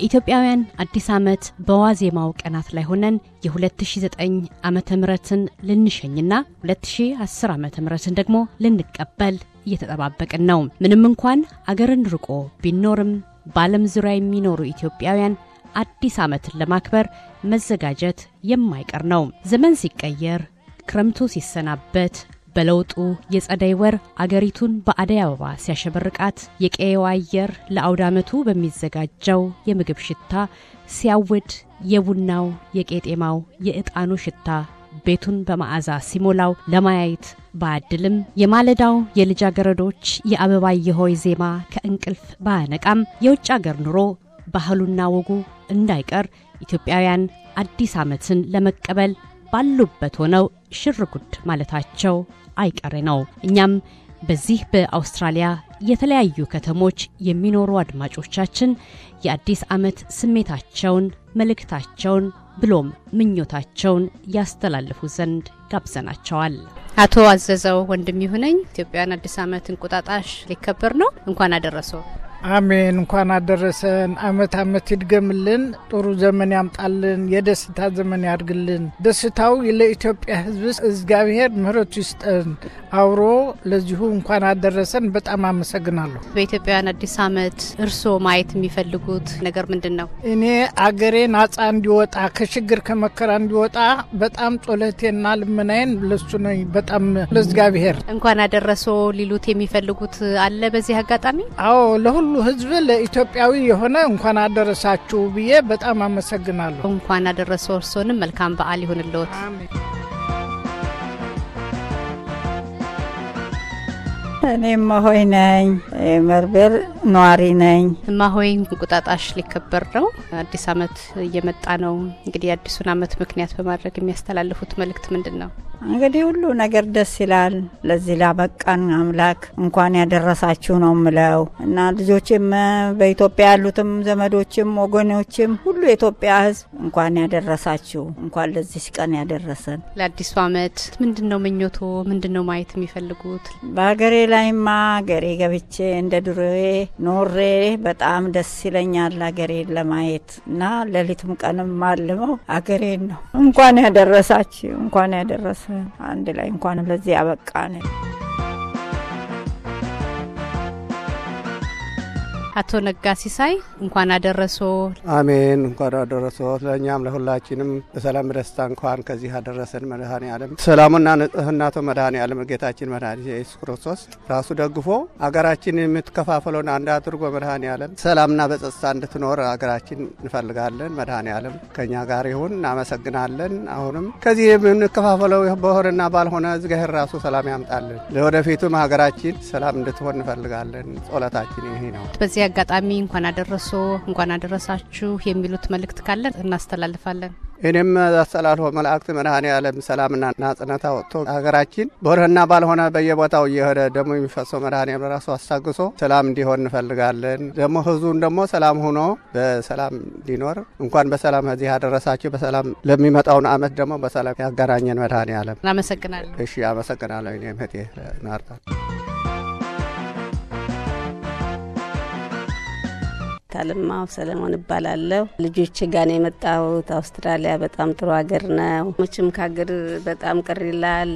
የኢትዮጵያውያን አዲስ ዓመት በዋዜማው ቀናት ላይ ሆነን የ2009 ዓመተ ምሕረትን ልንሸኝና 2010 ዓመተ ምሕረትን ደግሞ ልንቀበል እየተጠባበቅን ነው። ምንም እንኳን አገርን ርቆ ቢኖርም በዓለም ዙሪያ የሚኖሩ ኢትዮጵያውያን አዲስ ዓመትን ለማክበር መዘጋጀት የማይቀር ነው። ዘመን ሲቀየር፣ ክረምቱ ሲሰናበት በለውጡ የጸደይ ወር አገሪቱን በአደይ አበባ ሲያሸበርቃት የቀየው አየር ለአውድ ዓመቱ በሚዘጋጀው የምግብ ሽታ ሲያውድ የቡናው፣ የቄጤማው፣ የዕጣኑ ሽታ ቤቱን በመዓዛ ሲሞላው ለማየት ባያድልም የማለዳው የልጃገረዶች የአበባ የሆይ ዜማ ከእንቅልፍ ባያነቃም የውጭ አገር ኑሮ ባህሉና ወጉ እንዳይቀር ኢትዮጵያውያን አዲስ ዓመትን ለመቀበል ባሉበት ሆነው ሽርጉድ ማለታቸው አይቀሬ ነው። እኛም በዚህ በአውስትራሊያ የተለያዩ ከተሞች የሚኖሩ አድማጮቻችን የአዲስ ዓመት ስሜታቸውን፣ መልእክታቸውን ብሎም ምኞታቸውን ያስተላልፉ ዘንድ ጋብዘናቸዋል። አቶ አዘዘው ወንድም ይሁነኝ፣ ኢትዮጵያን አዲስ ዓመት እንቁጣጣሽ ሊከበር ነው። እንኳን አደረሰው። አሜን። እንኳን አደረሰን። አመት አመት ይድገምልን። ጥሩ ዘመን ያምጣልን። የደስታ ዘመን ያድግልን ደስታው ለኢትዮጵያ ሕዝብ እግዚአብሔር ምሕረቱ ይስጠን። አብሮ ለዚሁ እንኳን አደረሰን። በጣም አመሰግናለሁ። በኢትዮጵያውያን አዲስ አመት እርስዎ ማየት የሚፈልጉት ነገር ምንድን ነው? እኔ አገሬ ናጻ እንዲወጣ ከችግር ከመከራ እንዲወጣ በጣም ጸሎቴና ልመናዬን ለሱ ነኝ። በጣም ለእግዚአብሔር እንኳን አደረሰ ሊሉት የሚፈልጉት አለ በዚህ አጋጣሚ? አዎ ለሁሉ ሁሉ ህዝብ ለኢትዮጵያዊ የሆነ እንኳን አደረሳችሁ ብዬ በጣም አመሰግናለሁ። እንኳን አደረሰው። እርሶንም መልካም በዓል ይሁንልዎት። እኔ እማሆይ ነኝ፣ መርቤል ነዋሪ ነኝ። እማሆይ እንቁጣጣሽ ሊከበር ነው፣ አዲስ አመት እየመጣ ነው። እንግዲህ የአዲሱን አመት ምክንያት በማድረግ የሚያስተላልፉት መልእክት ምንድን ነው? እንግዲህ ሁሉ ነገር ደስ ይላል። ለዚህ ላበቃን አምላክ እንኳን ያደረሳችሁ ነው ምለው እና ልጆችም በኢትዮጵያ ያሉትም ዘመዶችም ወገኖችም ሁሉ የኢትዮጵያ ሕዝብ እንኳን ያደረሳችሁ፣ እንኳን ለዚህ ቀን ያደረሰን። ለአዲሱ ዓመት ምንድን ነው ምኞቶ? ምንድን ነው ማየት የሚፈልጉት? በሀገሬ ላይማ ሀገሬ ገብቼ እንደ ድሮዬ ኖሬ በጣም ደስ ይለኛል ሀገሬን ለማየት እና ሌሊትም ቀንም ማልመው ሀገሬን ነው። እንኳን ያደረሳችሁ፣ እንኳን ያደረሰ አንድ ላይ እንኳን ለዚህ ያበቃን። አቶ ነጋ ሲሳይ እንኳን አደረሶ። አሜን። እንኳን አደረሶ። ለእኛም ለሁላችንም በሰላም ደስታ እንኳን ከዚህ አደረሰን። መድኃኔ ዓለም ሰላሙና ንጽህናቶ መድኃኔ ዓለም ጌታችን መድኃኒ ኢየሱስ ክርስቶስ ራሱ ደግፎ አገራችን የምትከፋፈለውን አንድ አድርጎ መድኃኔ ዓለም ሰላምና በጸጥታ እንድትኖር አገራችን እንፈልጋለን። መድኃኔ ዓለም ከእኛ ጋር ይሁን። እናመሰግናለን። አሁንም ከዚህ የምንከፋፈለው በሆነና ባልሆነ እግዚአብሔር ራሱ ሰላም ያምጣልን። ለወደፊቱም ሀገራችን ሰላም እንድትሆን እንፈልጋለን። ጸሎታችን ይሄ ነው። አጋጣሚ እንኳን አደረሶ እንኳን አደረሳችሁ የሚሉት መልእክት ካለ እናስተላልፋለን። እኔም አስተላልፎ መላእክት መድኃኔ ዓለም ሰላምና ናጽነት አወጥቶ ሀገራችን በሆነና ባልሆነ በየቦታው እየሄደ ደግሞ የሚፈሰው መድኃኔ ዓለም ራሱ አስታግሶ ሰላም እንዲሆን እንፈልጋለን። ደግሞ ህዝቡን ደግሞ ሰላም ሆኖ በሰላም እንዲኖር እንኳን በሰላም እዚህ ያደረሳችሁ፣ በሰላም ለሚመጣውን አመት ደግሞ በሰላም ያገናኘን መድኃኔ ዓለም። አመሰግናለሁ። እሺ አመሰግናለሁ። እኔ ምህቴ ናርታል ታልማው ሰለሞን እባላለሁ። ልጆች ጋን የመጣሁት። አውስትራሊያ በጣም ጥሩ ሀገር ነው። መቼም ከሀገር በጣም ቅር ይላል።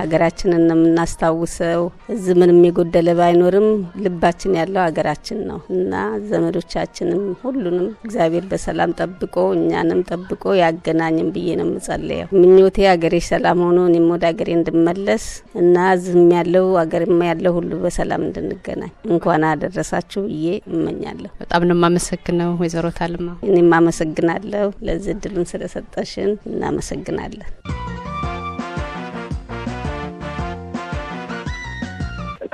ሀገራችንን ነው የምናስታውሰው። እዚህ ምንም የጎደለ ባይኖርም ልባችን ያለው ሀገራችን ነው እና ዘመዶቻችንም ሁሉንም እግዚአብሔር በሰላም ጠብቆ እኛንም ጠብቆ ያገናኝም ብዬ ነው የምጸለየው። ምኞቴ ሀገሬ ሰላም ሆኖ እኔም ወደ ሀገሬ እንድመለስ እና እዚህም ያለው ሀገርም ያለው ሁሉ በሰላም እንድንገናኝ እንኳን አደረሳችሁ ብዬ እመኛለሁ። በጣም ነው የማመሰግነው ወይዘሮ ታልማ። እኔም አመሰግናለሁ ለዚህ እድሉን ስለሰጠሽን እናመሰግናለን።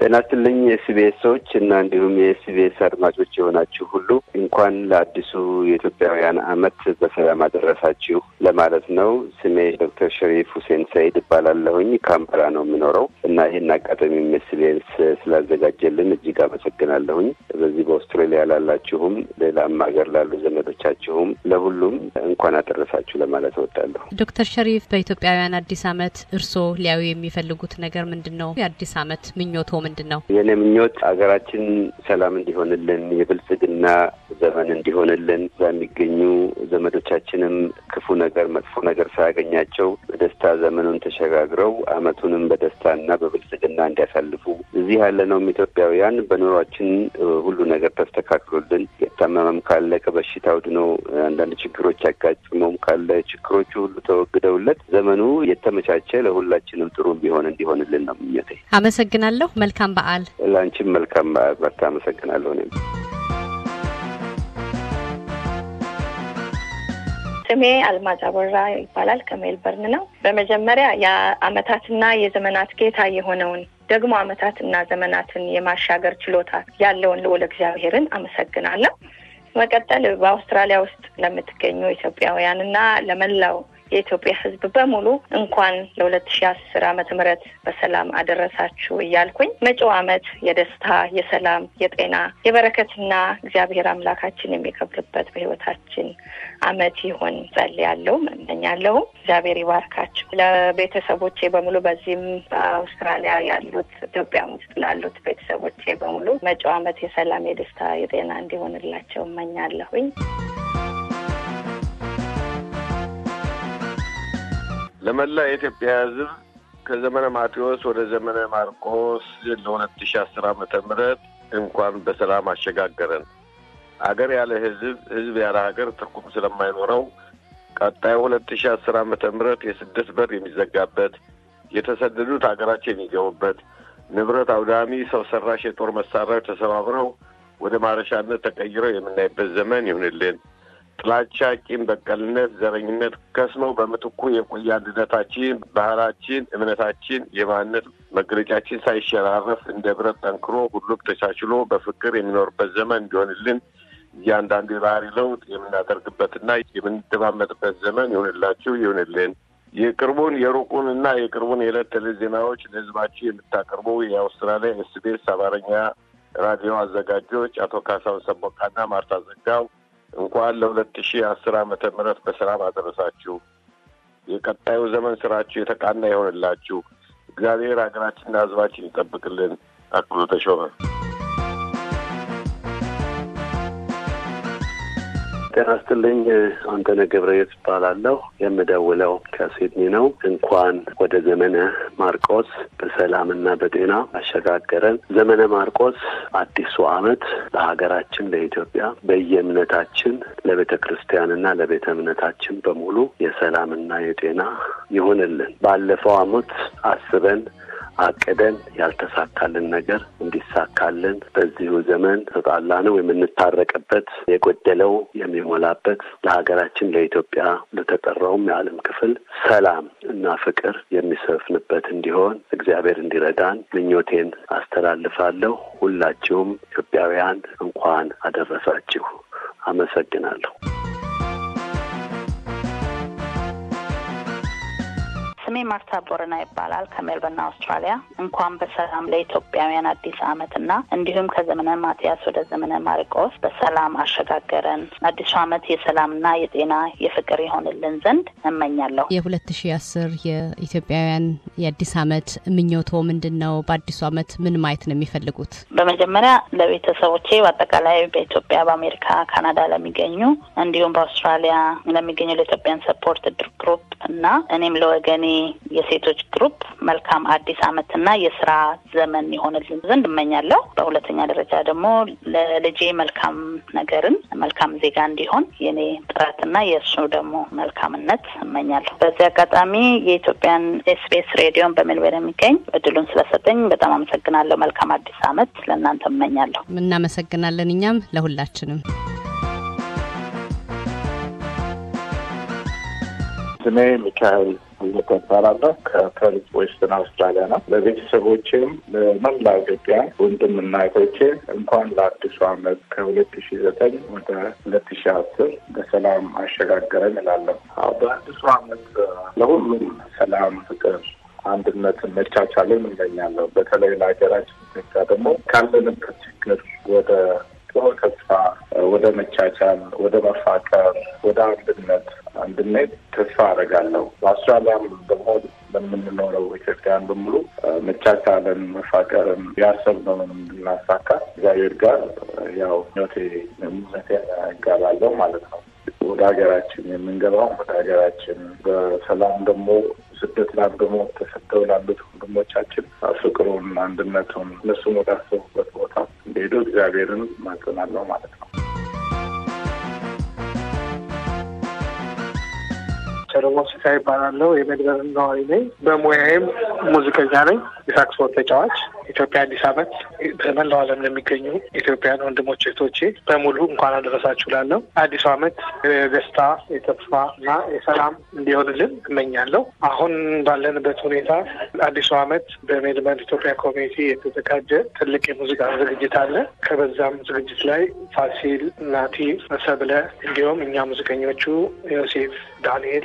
ጤና ይስጥልኝ የኤስቢኤስ ሰዎች እና እንዲሁም የኤስቢኤስ አድማጮች የሆናችሁ ሁሉ እንኳን ለአዲሱ የኢትዮጵያውያን አመት በሰላም አደረሳችሁ ለማለት ነው። ስሜ ዶክተር ሸሪፍ ሁሴን ሰይድ እባላለሁኝ። ካምፓላ ነው የምኖረው እና ይህን አጋጣሚ ኤስቢኤስ ስላዘጋጀልን እጅግ አመሰግናለሁኝ። በዚህ በአውስትራሊያ ላላችሁም፣ ሌላም ሀገር ላሉ ዘመዶቻችሁም ለሁሉም እንኳን አደረሳችሁ ለማለት እወዳለሁ። ዶክተር ሸሪፍ በኢትዮጵያውያን አዲስ ዓመት እርስዎ ሊያዩ የሚፈልጉት ነገር ምንድን ነው? የአዲስ አመት ምኞቶ ምንድን ነው? የኔ ምኞት ሀገራችን ሰላም እንዲሆንልን የብልጽግና ዘመን እንዲሆንልን እዛ የሚገኙ ዘመዶቻችንም ክፉ ነገር መጥፎ ነገር ሳያገኛቸው በደስታ ዘመኑን ተሸጋግረው አመቱንም በደስታና በብልጽግና እንዲያሳልፉ እዚህ ያለነውም ኢትዮጵያውያን በኑሯችን ሁሉ ነገር ተስተካክሎልን የታመመም ካለ ከበሽታ ውድኖ አንዳንድ ችግሮች ያጋጥመውም ካለ ችግሮቹ ሁሉ ተወግደውለት ዘመኑ የተመቻቸ ለሁላችንም ጥሩ ቢሆን እንዲሆንልን ነው ምኞቴ። አመሰግናለሁ። መልካም መልካም በዓል። ለአንቺም መልካም በዓል። በርታ። አመሰግናለሁ። እኔም ስሜ አልማዝ አበራ ይባላል። ከሜልበርን ነው። በመጀመሪያ የአመታትና የዘመናት ጌታ የሆነውን ደግሞ አመታትና ዘመናትን የማሻገር ችሎታ ያለውን ልዑል እግዚአብሔርን አመሰግናለሁ። መቀጠል በአውስትራሊያ ውስጥ ለምትገኙ ኢትዮጵያውያን ለመላው የኢትዮጵያ ህዝብ በሙሉ እንኳን ለሁለት ሺ አስር ዓመተ ምህረት በሰላም አደረሳችሁ እያልኩኝ መጪው አመት የደስታ የሰላም፣ የጤና፣ የበረከትና እግዚአብሔር አምላካችን የሚከብርበት በህይወታችን አመት ይሆን ጸልያለሁ፣ እመኛለሁ። እግዚአብሔር ይባርካችሁ። ለቤተሰቦቼ በሙሉ በዚህም በአውስትራሊያ ያሉት ኢትዮጵያ ውስጥ ላሉት ቤተሰቦቼ በሙሉ መጪው አመት የሰላም፣ የደስታ፣ የጤና እንዲሆንላቸው እመኛለሁኝ። ለመላ የኢትዮጵያ ሕዝብ ከዘመነ ማቴዎስ ወደ ዘመነ ማርቆስ ለሁለት ሺ አስር ዓመተ ምህረት እንኳን በሰላም አሸጋገረን። አገር ያለ ሕዝብ ሕዝብ ያለ ሀገር ትርጉም ስለማይኖረው ቀጣይ ሁለት ሺ አስር ዓመተ ምህረት የስደት በር የሚዘጋበት የተሰደዱት ሀገራቸው የሚገቡበት ንብረት አውዳሚ ሰው ሰራሽ የጦር መሳሪያዎች ተሰባብረው ወደ ማረሻነት ተቀይረው የምናይበት ዘመን ይሁንልን። ጥላቻ፣ ቂም በቀልነት፣ ዘረኝነት ከስመው በምትኩ የቆየ አንድነታችን፣ ባህላችን፣ እምነታችን፣ የማንነት መገለጫችን ሳይሸራረፍ እንደ ብረት ጠንክሮ ሁሉም ተቻችሎ በፍቅር የሚኖርበት ዘመን እንዲሆንልን እያንዳንዱ የባህሪ ለውጥ የምናደርግበትና የምንደማመጥበት ዘመን ይሆንላችሁ ይሆንልን። የቅርቡን የሩቁን እና የቅርቡን የዕለት ተዕለት ዜናዎች ለሕዝባችሁ የምታቀርቡ የአውስትራሊያ ኤስቤስ አማርኛ ራዲዮ አዘጋጆች አቶ ካሳሁን ሰቦቃና ማርታ ዘጋው እንኳን ለሁለት ሺ አስር ዓመተ ምህረት በሰላም አደረሳችሁ። የቀጣዩ ዘመን ስራችሁ የተቃና ይሆንላችሁ። እግዚአብሔር ሀገራችንና ህዝባችን ይጠብቅልን። አክሎ ተሾመ ጤና ይስጥልኝ። አንተነህ ገብረየት እባላለሁ። የምደውለው ከሲድኒ ነው። እንኳን ወደ ዘመነ ማርቆስ በሰላምና በጤና አሸጋገረን። ዘመነ ማርቆስ አዲሱ ዓመት ለሀገራችን ለኢትዮጵያ በየእምነታችን ለቤተ ክርስቲያንና ለቤተ እምነታችን በሙሉ የሰላምና የጤና ይሁንልን። ባለፈው ዓመት አስበን አቅደን ያልተሳካልን ነገር እንዲሳካልን በዚሁ ዘመን ተጣላ ነው የምንታረቅበት የጎደለው የሚሞላበት ለሀገራችን ለኢትዮጵያ ለተጠራውም የዓለም ክፍል ሰላም እና ፍቅር የሚሰፍንበት እንዲሆን እግዚአብሔር እንዲረዳን ምኞቴን አስተላልፋለሁ። ሁላችሁም ኢትዮጵያውያን እንኳን አደረሳችሁ። አመሰግናለሁ። ስሜ ማርታ ቦረና ይባላል። ከሜልበርን አውስትራሊያ። እንኳን በሰላም ለኢትዮጵያውያን አዲስ አመት እና እንዲሁም ከዘመነ ማትያስ ወደ ዘመነ ማርቆስ በሰላም አሸጋገረን። አዲሱ ዓመት የሰላምና የጤና የፍቅር ይሆንልን ዘንድ እመኛለሁ። የሁለት ሺ አስር የኢትዮጵያውያን የአዲስ ዓመት ምኞቶ ምንድን ነው? በአዲሱ ዓመት ምን ማየት ነው የሚፈልጉት? በመጀመሪያ ለቤተሰቦቼ በአጠቃላይ በኢትዮጵያ፣ በአሜሪካ፣ ካናዳ ለሚገኙ እንዲሁም በአውስትራሊያ ለሚገኙ ለኢትዮጵያን ሰፖርት ግሩፕ እና እኔም ለወገኔ የሴቶች ግሩፕ መልካም አዲስ ዓመትና የስራ ዘመን የሆነልን ዘንድ እመኛለሁ። በሁለተኛ ደረጃ ደግሞ ለልጄ መልካም ነገርን መልካም ዜጋ እንዲሆን የኔ ጥረትና የእሱ ደግሞ መልካምነት እመኛለሁ። በዚህ አጋጣሚ የኢትዮጵያን ኤስቢኤስ ሬዲዮን በሜልበርን የሚገኝ እድሉን ስለሰጠኝ በጣም አመሰግናለሁ። መልካም አዲስ ዓመት ለእናንተ እመኛለሁ። እናመሰግናለን እኛም ለሁላችንም። ስሜ ሚካኤል ሁለት እባላለሁ ከፐርዝ ዌስተርን አውስትራሊያ ነው። ለቤተሰቦቼም ለመላ ኢትዮጵያ ወንድምና እህቶቼ እንኳን ለአዲሱ አመት ከሁለት ሺ ዘጠኝ ወደ ሁለት ሺ አስር በሰላም አሸጋገረን እላለሁ። በአዲሱ አመት ለሁሉም ሰላም፣ ፍቅር አንድነትን መቻቻልን እንመኛለሁ። በተለይ ለሀገራችን ኢትዮጵያ ደግሞ ካለንበት ችግር ወደ ጥሩ ተስፋ፣ ወደ መቻቻል፣ ወደ መፋቀር፣ ወደ አንድነት አንድነት ተስፋ አደርጋለሁ። በአውስትራሊያም ደግሞ ለምንኖረው ኢትዮጵያን በሙሉ መቻቻለን፣ መፋቀርን ያሰብነውን እንድናሳካ እግዚአብሔር ጋር ያው ኞቴ ምኞቴ እጋባለሁ ማለት ነው። ወደ ሀገራችን የምንገባው ወደ ሀገራችን በሰላም ደግሞ ስደት ላም ደግሞ ተሰደው ላሉት ወንድሞቻችን ፍቅሩን፣ አንድነቱን እነሱም ወዳሰቡበት ቦታ እንደሄዱ እግዚአብሔርን ማጽናለው ማለት ነው። ሰለሞን ሲሳ ይባላለሁ። የመድበር ነዋሪ ነኝ። በሙያዬም ሙዚቀኛ ነኝ፣ የሳክስፎን ተጫዋች። ኢትዮጵያ አዲስ ዓመት በመላው ዓለም ለሚገኙ ኢትዮጵያን ወንድሞች እህቶቼ በሙሉ እንኳን አደረሳችሁ ላለው አዲሱ ዓመት የደስታ የተስፋ እና የሰላም እንዲሆንልን እመኛለሁ። አሁን ባለንበት ሁኔታ አዲሱ ዓመት በሜድመንት ኢትዮጵያ ኮሚኒቲ የተዘጋጀ ትልቅ የሙዚቃ ዝግጅት አለ። ከበዛም ዝግጅት ላይ ፋሲል፣ ናቲ፣ ሰብለ እንዲሁም እኛ ሙዚቀኞቹ ዮሴፍ፣ ዳንኤል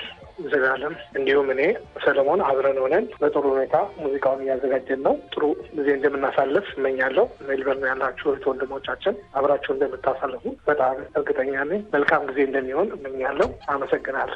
ዘላለም እንዲሁም እኔ ሰለሞን አብረን ሆነን በጥሩ ሁኔታ ሙዚቃውን እያዘጋጀን ነው። ጥሩ ጊዜ እንደምናሳልፍ እመኛለሁ። ሜልበርን ያላችሁ እህት ወንድሞቻችን አብራችሁ እንደምታሳልፉ በጣም እርግጠኛ ነኝ። መልካም ጊዜ እንደሚሆን እመኛለሁ። አመሰግናል።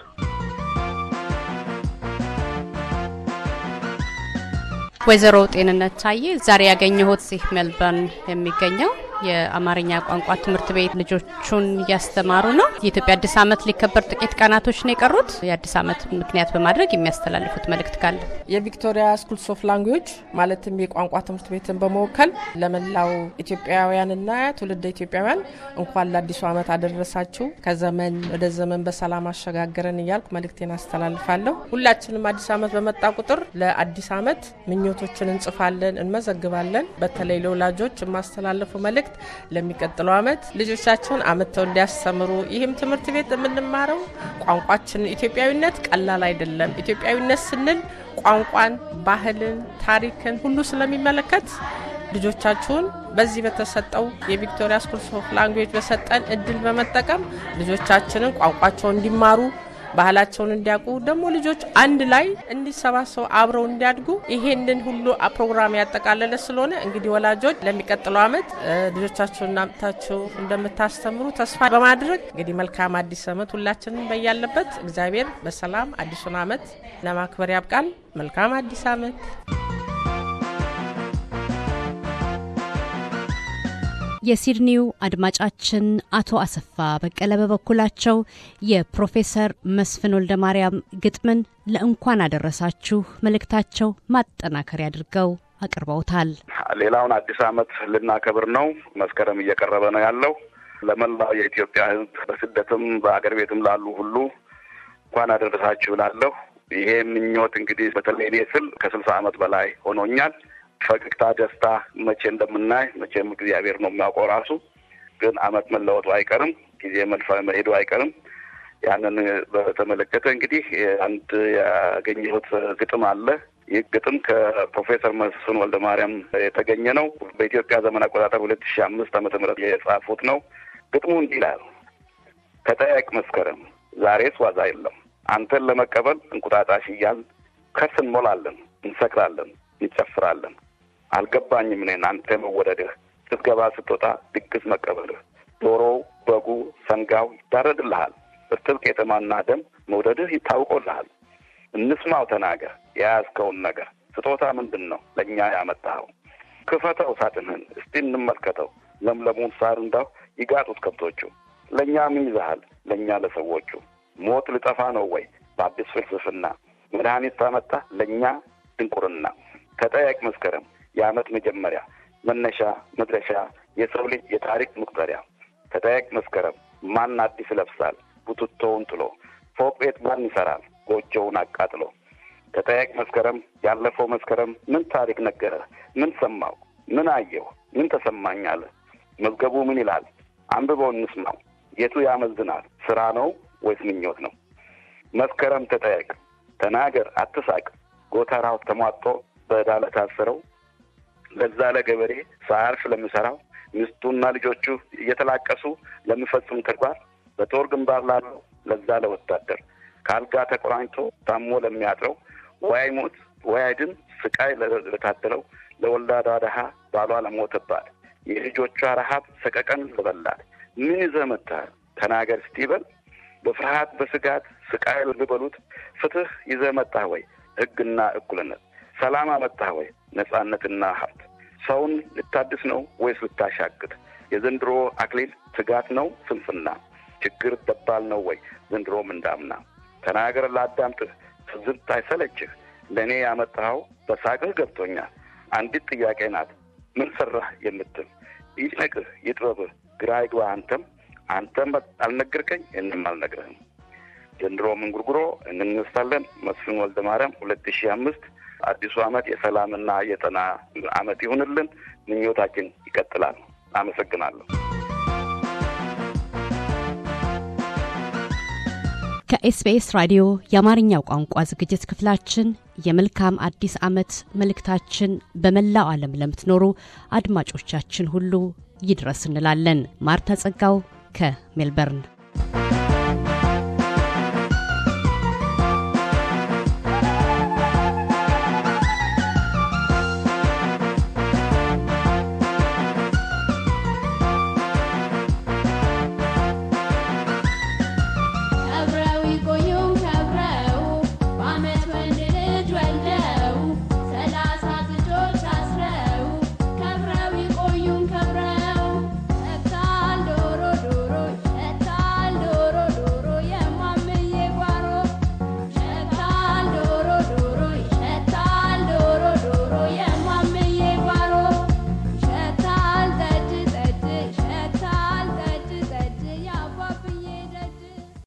ወይዘሮ ጤንነት ታዬ ዛሬ ያገኘሁት ሲህ ሜልበርን የሚገኘው የአማርኛ ቋንቋ ትምህርት ቤት ልጆቹን እያስተማሩ ነው። የኢትዮጵያ አዲስ ዓመት ሊከበር ጥቂት ቀናቶች ነው የቀሩት። የአዲስ ዓመት ምክንያት በማድረግ የሚያስተላልፉት መልእክት ካለ የቪክቶሪያ ስኩልስ ኦፍ ላንጉጅ ማለትም የቋንቋ ትምህርት ቤትን በመወከል ለመላው ኢትዮጵያውያንና ትውልደ ኢትዮጵያውያን እንኳን ለአዲሱ ዓመት አደረሳችሁ ከዘመን ወደ ዘመን በሰላም አሸጋገረን እያልኩ መልእክቴን አስተላልፋለሁ። ሁላችንም አዲስ ዓመት በመጣ ቁጥር ለአዲስ ዓመት ምኞቶችን እንጽፋለን፣ እንመዘግባለን። በተለይ ለወላጆች የማስተላለፈው መልእክት ፕሮጀክት ለሚቀጥለው ዓመት ልጆቻቸውን አመተው እንዲያስተምሩ ይህም ትምህርት ቤት የምንማረው ቋንቋችን ኢትዮጵያዊነት ቀላል አይደለም። ኢትዮጵያዊነት ስንል ቋንቋን፣ ባህልን፣ ታሪክን ሁሉ ስለሚመለከት ልጆቻችሁን በዚህ በተሰጠው የቪክቶሪያ ስኩል ኦፍ ላንጉዌጅ በሰጠን እድል በመጠቀም ልጆቻችንን ቋንቋቸውን እንዲማሩ ባህላቸውን እንዲያውቁ ደግሞ ልጆች አንድ ላይ እንዲሰባሰቡ አብረው እንዲያድጉ ይሄንን ሁሉ ፕሮግራም ያጠቃለለ ስለሆነ እንግዲህ ወላጆች ለሚቀጥለው ዓመት ልጆቻችሁን አምጥታችሁ እንደምታስተምሩ ተስፋ በማድረግ እንግዲህ መልካም አዲስ ዓመት ሁላችንም በያለበት እግዚአብሔር በሰላም አዲሱን ዓመት ለማክበር ያብቃል። መልካም አዲስ ዓመት የሲድኒው አድማጫችን አቶ አሰፋ በቀለ በበኩላቸው የፕሮፌሰር መስፍን ወልደ ማርያም ግጥምን ለእንኳን አደረሳችሁ መልእክታቸው ማጠናከሪያ አድርገው አቅርበውታል። ሌላውን አዲስ አመት ልናከብር ነው። መስከረም እየቀረበ ነው ያለው። ለመላው የኢትዮጵያ ሕዝብ በስደትም በአገር ቤትም ላሉ ሁሉ እንኳን አደረሳችሁ እላለሁ። ይሄ ምኞት እንግዲህ በተለይ እኔ ስል ከስልሳ ዓመት በላይ ሆኖኛል። ፈገግታ፣ ደስታ መቼ እንደምናይ መቼም እግዚአብሔር ነው የሚያውቀው ራሱ። ግን አመት መለወጡ አይቀርም፣ ጊዜ መልፈ መሄዱ አይቀርም። ያንን በተመለከተ እንግዲህ አንድ ያገኘሁት ግጥም አለ። ይህ ግጥም ከፕሮፌሰር መስፍን ወልደ ማርያም የተገኘ ነው። በኢትዮጵያ ዘመን አቆጣጠር ሁለት ሺ አምስት ዓመተ ምህረት የጻፉት ነው። ግጥሙ እንዲህ ይላል። ተጠያቅ መስከረም ዛሬስ ዋዛ የለም አንተን ለመቀበል እንቁጣጣሽ እያል ከስ እንሞላለን፣ እንሰክራለን፣ እንጨፍራለን አልገባኝም። እኔን አንተ መወደድህ ስትገባ ስትወጣ ድግስ መቀበልህ ዶሮው፣ በጉ፣ ሰንጋው ይታረድልሃል። እርጥብ ቄጠማና ደም መውደድህ ይታውቆልሃል። እንስማው ተናገር የያዝከውን ነገር። ስጦታ ምንድን ነው ለእኛ ያመጣኸው? ክፈተው ሳጥንህን እስቲ እንመልከተው። ለምለሙን ሳር እንዳው ይጋጡት ከብቶቹ። ለእኛ ምን ይዘሃል ለእኛ ለሰዎቹ? ሞት ልጠፋ ነው ወይ በአዲስ ፍልስፍና? መድኃኒት ታመጣ ለእኛ ድንቁርና። ተጠያቂ መስከረም የአመት መጀመሪያ መነሻ መድረሻ የሰው ልጅ የታሪክ መቁጠሪያ ከጠየቅ መስከረም ማን አዲስ ይለብሳል ቡትቶውን ጥሎ ፎቅ ቤት ማን ይሰራል ጎጆውን አቃጥሎ ከጠየቅ መስከረም ያለፈው መስከረም ምን ታሪክ ነገረ ምን ሰማው ምን አየው ምን ተሰማኝ አለ መዝገቡ ምን ይላል አንብበው እንስማው የቱ ያመዝናል ስራ ነው ወይስ ምኞት ነው መስከረም ተጠየቅ ተናገር አትሳቅ ጎተራው ተሟጦ በዕዳ ለታሰረው ለዛ ለገበሬ ሳያርፍ ለሚሰራው ሚስቱና ልጆቹ እየተላቀሱ ለሚፈጽም ተግባር በጦር ግንባር ላለው ለዛ ለወታደር ከአልጋ ተቆራኝቶ ታሞ ለሚያጥረው ወያይ ሞት ወያይ ድን ስቃይ ለታደለው ለወላዳ ደሃ ባሏ ለሞተባት የልጆቿ ረሃብ ሰቀቀን ልበላት ምን ይዘመታል መጥተሃል ተናገር እስቲ በፍርሃት በስጋት ስቃይ ልበሉት ፍትህ ይዘ መጣህ ወይ ህግና እኩልነት ሰላም አመጣህ ወይ ነጻነትና ሀብት ሰውን ልታድስ ነው ወይስ ልታሻግር? የዘንድሮ አክሊል ትጋት ነው ስንፍና? ችግር ደባል ነው ወይ ዘንድሮም እንዳምና? ተናገር ላዳምጥህ፣ ትዝብት አይሰለችህ። ለእኔ ያመጣኸው በሳቅህ ገብቶኛል። አንዲት ጥያቄ ናት ምን ሰራህ የምትል ይጭነቅህ፣ ይጥበብህ፣ ግራ ይግባ። አንተም አንተም አልነገርከኝ፣ እንም አልነግርህም። ዘንድሮ ምንጉርጉሮ እንነሳለን መስፍን ወልደ ማርያም ሁለት ሺህ አምስት አዲሱ አመት የሰላምና የጤና አመት ይሁንልን። ምኞታችን ይቀጥላል። አመሰግናለሁ። ከኤስቢኤስ ራዲዮ የአማርኛው ቋንቋ ዝግጅት ክፍላችን የመልካም አዲስ ዓመት መልእክታችን በመላው ዓለም ለምትኖሩ አድማጮቻችን ሁሉ ይድረስ እንላለን። ማርታ ጸጋው ከሜልበርን